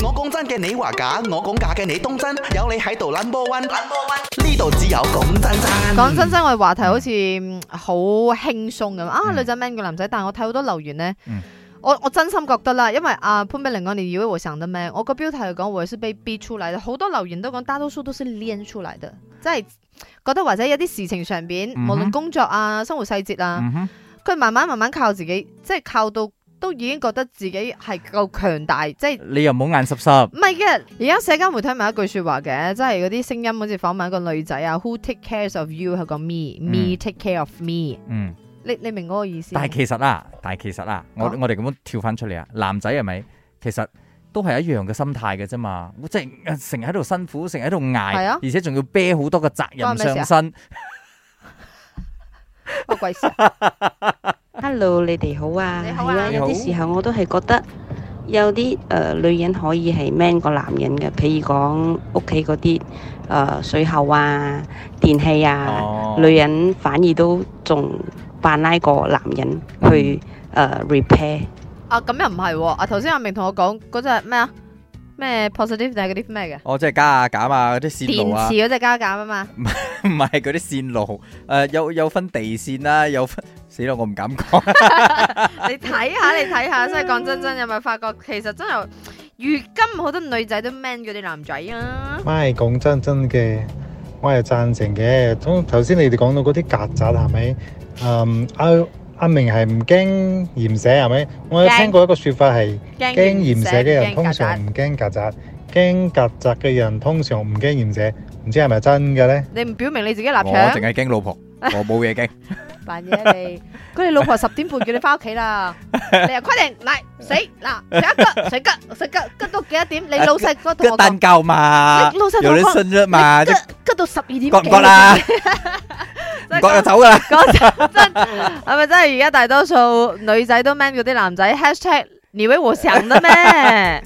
我講真嘅，你話假；我講假嘅，你當真。有你喺度，number one，number one，呢度只有講真講真。講真真，我哋話題好似好輕鬆咁啊！女仔 man 個男仔，但係我睇好多留言咧，嗯、我我真心覺得啦，因為阿、啊、潘比玲講你以為會成得 man，我個標題係講會唔會被逼出嚟，好多留言都講，大多數都是練出嚟的，即係覺得或者有啲事情上邊，嗯、哼無論工作啊、生活細節啊，佢、嗯、哼慢慢慢慢靠自己，即係靠到。都已經覺得自己係夠強大，即、就、係、是、你又冇眼濕濕。唔係嘅，而家社交媒體咪一句說話嘅，即係嗰啲聲音，好似訪問一個女仔啊，Who take care of you？係個 me，me take care of me 嗯。嗯，你你明嗰個意思？但係其實啊，但係其實啊，我啊我哋咁樣跳翻出嚟啊，男仔係咪？其實都係一樣嘅心態嘅啫嘛，即係成日喺度辛苦，成日喺度捱，啊、而且仲要孭好多嘅責任上身。沒關係。 Hello，你哋好啊！你好啊，有啲、啊、好時候我都係覺得有啲誒、呃、女人可以係 man 過男人嘅，譬如講屋企嗰啲誒水喉啊、電器啊，哦、女人反而都仲扮拉過男人去誒、嗯呃、repair 啊、哦。啊，咁又唔係喎，啊頭先阿明同我講嗰隻咩啊？咩 positive 定係嗰啲咩嘅？Itive，哦，即、就、係、是、加下減啊嗰啲線路啊。電池只加減啊嘛。 唔係嗰啲線路，誒、呃，有有分地線啦、啊，有分，死啦。我唔敢講。你睇下，你睇下，真係講真真，有咪發覺其實真係，如今好多女仔都 man 啲男仔啊。咪講真真嘅，我又贊成嘅。咁頭先你哋講到嗰啲曱甴係咪？嗯，um, 阿明係唔驚鹽蛇係咪？我有聽過一個説法係驚鹽蛇嘅人通常唔驚曱甴，驚曱甴嘅人通常唔驚鹽蛇，唔知係咪真嘅咧？你唔表明你自己立場？我淨係驚老婆，我冇嘢驚。扮嘢你佢哋老婆十點半叫你返屋企啦，你又規定嚟死嗱食吉食吉食吉吉到幾多點？你老細都同我擔夠嘛？老細同你信約嘛？吉到十二點幾？夠唔夠啦？嗰日走噶啦，係咪真係而家大多數女仔都 man 嗰啲男仔，hashtag 呢位和尚啦咩？